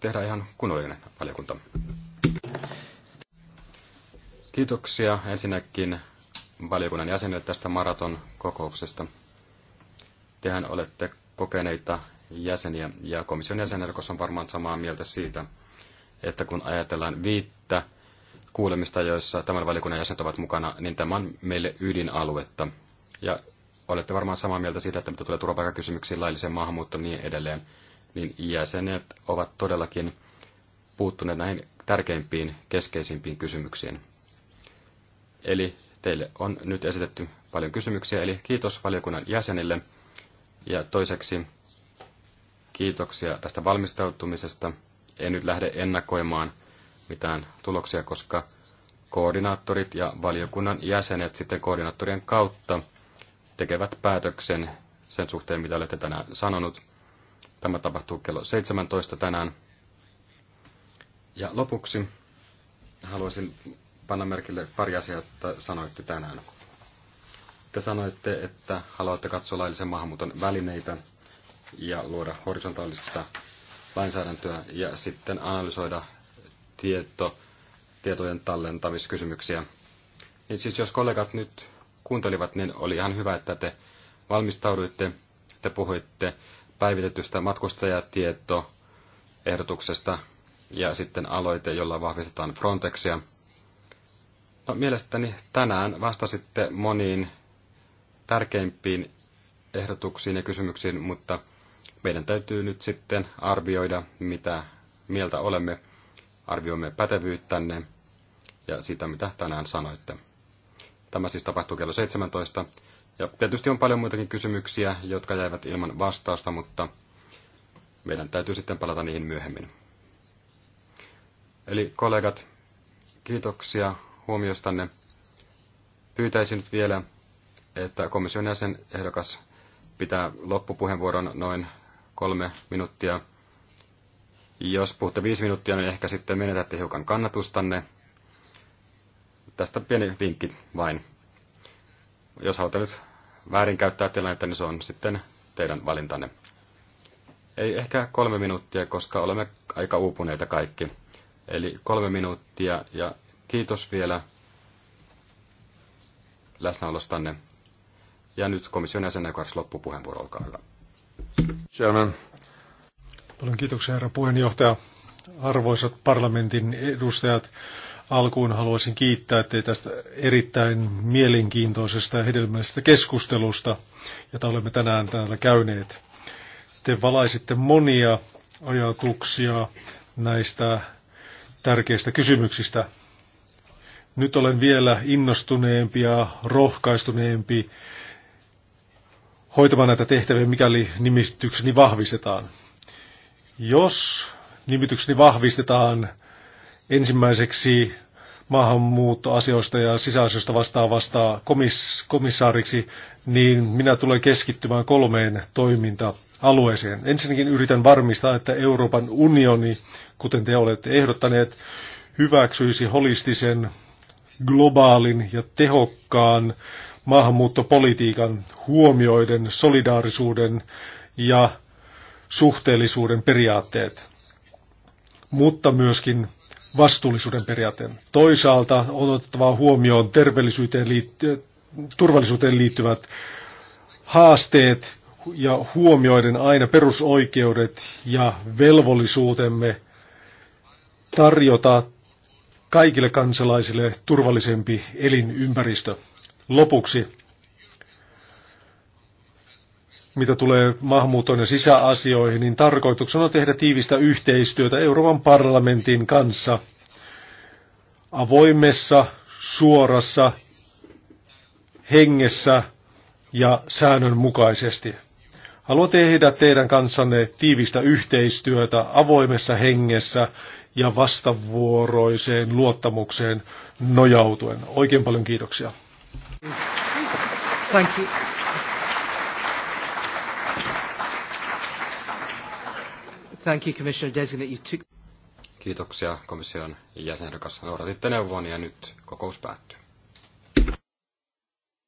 tehdään ihan kunnollinen valiokunta. Kiitoksia ensinnäkin valiokunnan jäsenille tästä maraton kokouksesta. Tehän olette kokeneita jäseniä ja komission jäsenerkos on varmaan samaa mieltä siitä, että kun ajatellaan viittä kuulemista, joissa tämän valiokunnan jäsenet ovat mukana, niin tämä on meille ydinaluetta. Ja olette varmaan samaa mieltä siitä, että mitä tulee turvapaikakysymyksiin, lailliseen maahanmuuttoon ja niin edelleen niin jäsenet ovat todellakin puuttuneet näihin tärkeimpiin, keskeisimpiin kysymyksiin. Eli teille on nyt esitetty paljon kysymyksiä, eli kiitos valiokunnan jäsenille. Ja toiseksi kiitoksia tästä valmistautumisesta. En nyt lähde ennakoimaan mitään tuloksia, koska koordinaattorit ja valiokunnan jäsenet sitten koordinaattorien kautta tekevät päätöksen sen suhteen, mitä olette tänään sanonut. Tämä tapahtuu kello 17 tänään. Ja lopuksi haluaisin panna merkille pari asiaa, jotka sanoitte tänään. Te sanoitte, että haluatte katsoa laillisen maahanmuuton välineitä ja luoda horisontaalista lainsäädäntöä ja sitten analysoida tieto, tietojen tallentamiskysymyksiä. Niin siis jos kollegat nyt kuuntelivat, niin oli ihan hyvä, että te valmistauduitte, te puhuitte päivitetystä matkustajatietoehdotuksesta ja sitten aloite, jolla vahvistetaan Frontexia. No, mielestäni tänään vastasitte moniin tärkeimpiin ehdotuksiin ja kysymyksiin, mutta meidän täytyy nyt sitten arvioida, mitä mieltä olemme. Arvioimme pätevyyttänne ja sitä, mitä tänään sanoitte. Tämä siis tapahtuu kello 17. Ja tietysti on paljon muitakin kysymyksiä, jotka jäivät ilman vastausta, mutta meidän täytyy sitten palata niihin myöhemmin. Eli kollegat, kiitoksia huomiostanne. Pyytäisin nyt vielä, että komission jäsen ehdokas pitää loppupuheenvuoron noin kolme minuuttia. Jos puhutte viisi minuuttia, niin ehkä sitten menetätte hiukan kannatustanne. Tästä pieni vinkki vain jos haluatte nyt väärinkäyttää tilannetta, niin se on sitten teidän valintanne. Ei ehkä kolme minuuttia, koska olemme aika uupuneita kaikki. Eli kolme minuuttia ja kiitos vielä läsnäolostanne. Ja nyt komission jäsenen kanssa loppupuheenvuoro, olkaa hyvä. Chairman. Paljon kiitoksia herra puheenjohtaja. Arvoisat parlamentin edustajat, Alkuun haluaisin kiittää teitä tästä erittäin mielenkiintoisesta ja hedelmällisestä keskustelusta, jota olemme tänään täällä käyneet. Te valaisitte monia ajatuksia näistä tärkeistä kysymyksistä. Nyt olen vielä innostuneempi ja rohkaistuneempi hoitamaan näitä tehtäviä, mikäli nimitykseni vahvistetaan. Jos nimitykseni vahvistetaan, ensimmäiseksi maahanmuuttoasioista ja sisäasioista vastaavasta komis- komissaariksi, niin minä tulen keskittymään kolmeen toiminta-alueeseen. Ensinnäkin yritän varmistaa, että Euroopan unioni, kuten te olette ehdottaneet, hyväksyisi holistisen, globaalin ja tehokkaan maahanmuuttopolitiikan huomioiden solidaarisuuden ja suhteellisuuden periaatteet, mutta myöskin vastuullisuuden periaatteen. Toisaalta on otettava huomioon terveellisyyteen liitty- turvallisuuteen liittyvät haasteet ja huomioiden aina perusoikeudet ja velvollisuutemme tarjota kaikille kansalaisille turvallisempi elinympäristö. Lopuksi mitä tulee maahanmuuton ja sisäasioihin, niin tarkoituksena on tehdä tiivistä yhteistyötä Euroopan parlamentin kanssa avoimessa, suorassa hengessä ja säännönmukaisesti. Haluan tehdä teidän kanssanne tiivistä yhteistyötä avoimessa hengessä ja vastavuoroiseen luottamukseen nojautuen. Oikein paljon kiitoksia. Thank you. Thank you, Commissioner Designate. You took... Kiitoksia komission jäsenrakas. Noudatitte neuvon ja nyt kokous päättyy.